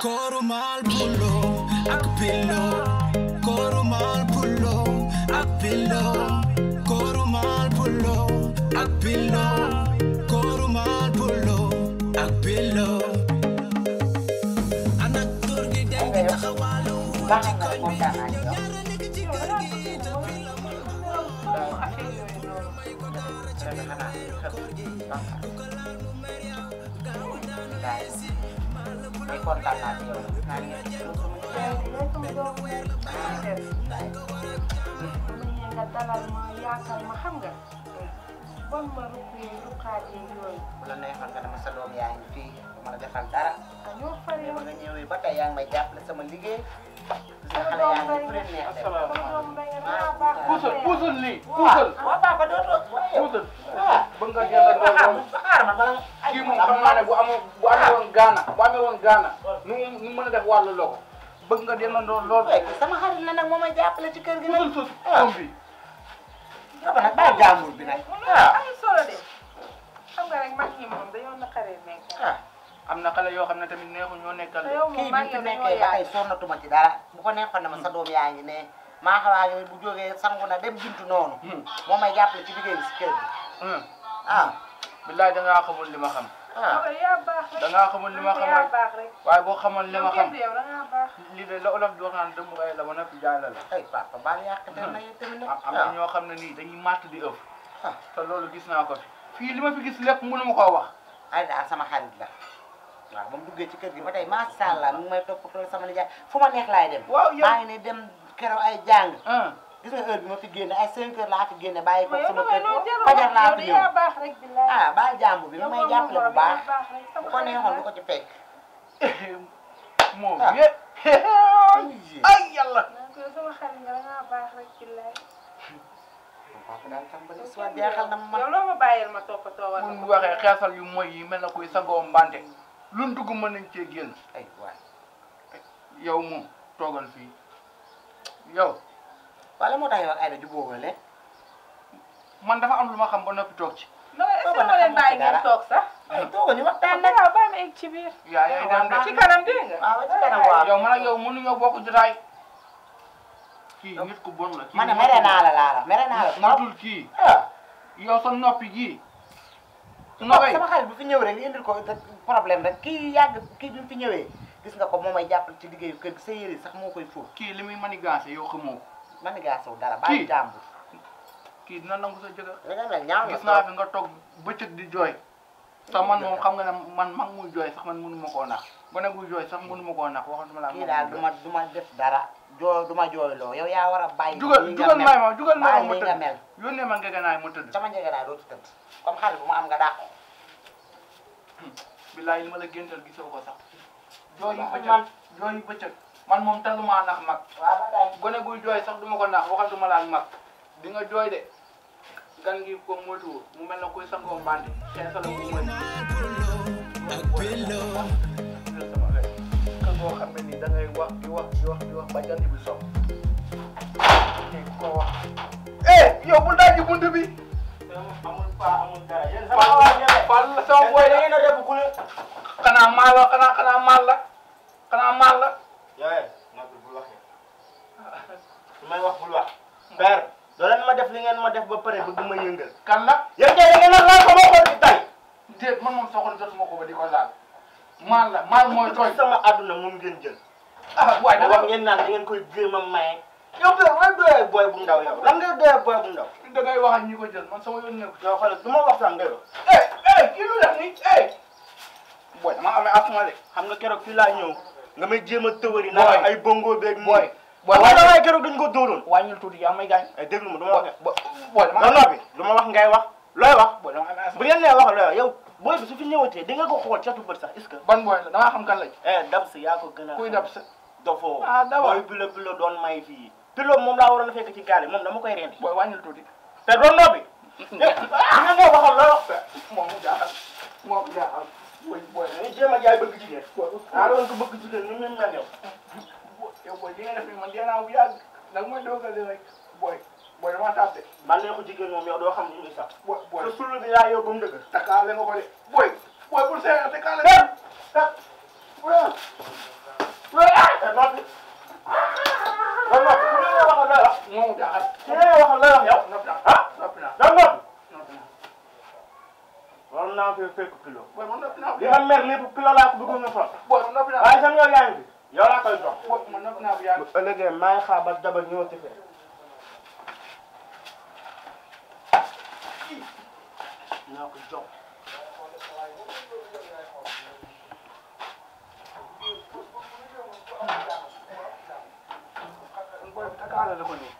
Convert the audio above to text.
korumal pulo ak pilo korumal pulo ak pilo korumal pulo ak pilo korumal pulo ak pilo ana tur gi dem bi taxawalu ci koñ bi ay kontaan naa ci yow naa ngi leen di def. nga dalal ma yaakaar ma xam nga. bon ma rukkee rukkaatee yooyu. bu la neexoon nga dama sa doom yaa ngi fii ma la defal dara. ñoo fari ma nga ñëwee ba tey yaa ngi may jàppale sama liggéey. sama doom bëri na sama doom bëri na. puusal puusal lii puusal. waaw waaw papa dootoo waaye. puusal. bëgg nga jëndal loolu loolu kii moom xam naa ne bu amoon woon Ghana a def wàllu bëgg nga jëndal loolu loolu. sama xarit la nag moo may jàppale ci kër gi nag. suuf suuf ah. bi. waaw ah, bi nag. waaw ah. am xam nga rek mag ñi moom nekk. am na xale yoo xam ne tamit neexu ñoo nekkal. kii ci dara bu ko neexoon ne ma sa doom yaa ngi ne maa xawaa yooyu bu jógee sangu na dem buntu noonu. Hmm. moo may jàppale ci liggéey bi si kër gi. Hmm. ah billaay da ngaa xamul li ma xam. ah da ngaa xamul li ma xam rek waaye boo xamoon li ma xam lii de la olof di wax naan dëmb ay la ba noppi jaay la la. ay papa baal yàq na tamit am na ñoo xam ne nii dañuy màtt di ëpp. Ah. te loolu gis naa ko fi fii li ma fi gis lépp mënu ma koo wax. ay daal sama xarit la. waaw ba mu duggee ci kër gi ba tey macha allah mu ngi may toppatoo sama nijaay fu ma neex laay dem. waaw yow maa ngi ne dem keroog ay jàng. Ah. gis nga bi ma fi génne ay 5 heures laa fi génne bàyyi ko sama ah, bi lu may jàppale baax bu ko neexoon du ko ci fekk. moom ah. yëpp ay yàlla. papa ma. yow loo ma bàyyil ma toppatoo wala. mun waxee xeesal yu mooy yi mel na kuy sagoo mbante lu dugg mën nañ cee génn ay yow moom toogal fii yow. wala moo tax yow ak Aida jubóo man dafa am lu ma xam ba noppi toog ci. boobu nag xam nga ci dara toog sax. toog ñu waxtaan nag biir. yaa yooyu daan de ci kanam dégg nga. waaw ci kanam waaw man ak yow mënuñoo bokk jotaay. kii nit ku bon la. ma ne mere naa la laala mere naa la. matul kii. Ah. yow sa noppi gii. noppi sama xarit bu fi ñëw rek indil ko problème rek kii yàgg kii bi mu fi ñëwee gis nga ko moom ay jàppale ci liggéeyu kër gi sa yére sax moo koy fóot. kii li muy manigancé yow xamoo ko mami gaa sow dara bàyyi jàmbur. kii dina nangu sa jëkkër. dina mel ñaaw nga toog bëccëg di jooy. sa man moom xam nga ne man mag muy jooy sax man mënu ma koo nax gone guy jooy sax mënu ma koo nax waxatuma la. kii daal du ma du ma def dara. joo du ma loo yow yaa war a bàyyi. jugal jugal may ma jugal may ma ma tëdd yónnee ma ngegenaay ma tëdd. sama ngegenaay comme xale bu ma am nga dàq. bilaay li ma la géntal gisoo ko sax. jooy bëccëg man moom talumaa nax mag gone guy jooy sax duma ko nax waxatuma laal mag di jooy de gan gi ko moytuwul mu mel na kuy sangoo mbandi xeesala mu mën ka koo ni da ngay wax di wax di wax di ba jant bi sopp ko wax eh yow bul daaj bi amul pa amul dara yéen sama waa la yooyu nekkul bul waxee su may wax bul wax. père doo leen ma def li ngeen ma def ba pare bëgg ma yëngal. kan nag yéen kay da ngeen a laal ko ba xool di tay. déet man moom soxla jotuma ko ba di ko laal. maal la maal mooy tooy sama àdduna moom ngeen jël. ah waaye nag wax ngeen naan da ngeen koy jéem a maye. yow de lan doyee booy bu ndaw yow lan ngay doyee booy bu ndaw. da ngay wax ak ñi ko jël man sama yoon nekk. yow xoolal du ma waxtaan ngay wax. eh eh kii lu def nii eh. booy dama amee asma de. xam nga keroog fii laa ñëw. nga may jéem a tëwëri naa ay bongo beeg mooy booy waaye waaye keroog dañ ko dóoroon. wàññil tuuti yaa may gaañ. Eh, déglu ma du ma wax booy dama ma wax ngay wax looy wax. booy dama am bu ngeen nee wax looy wax yow. booy bi su fi ñëwatee di nga ko xool catu bët sax est ce que. ban booy la damaa xam kan lañ. Eh, yaa ko gën a. kuy Dabs. dofoo ah d' abord bi la bi may fii. pilot moom laa waroon a fekk ci gaale moom dama koy rendi. booy wàññil tuuti. te doon noppi. ah nga ngay waxal wax. moom mu booy booy dañuy jéem a jaay bëgg jigéen. ah loolu ko bëgg jigéen ni mu mel yow. yow booy a nga def nii man dee naa bu yàgg nag mooy doogale rek booy booy damaa tàbbe. man neexu jigéen moom yow doo xam ni muy sax. booy booy te suul bi yaa yow ba mu dëgg. takkaale nga ko de booy booy pour seet a takkaale. moom naa fee fekk kilo. booy man noppi naa kilo laa ko bëggoon nga sol. booy man noppi naa fi waaye sa ngor yaa ngi fi yow laa koy jox. booy man noppi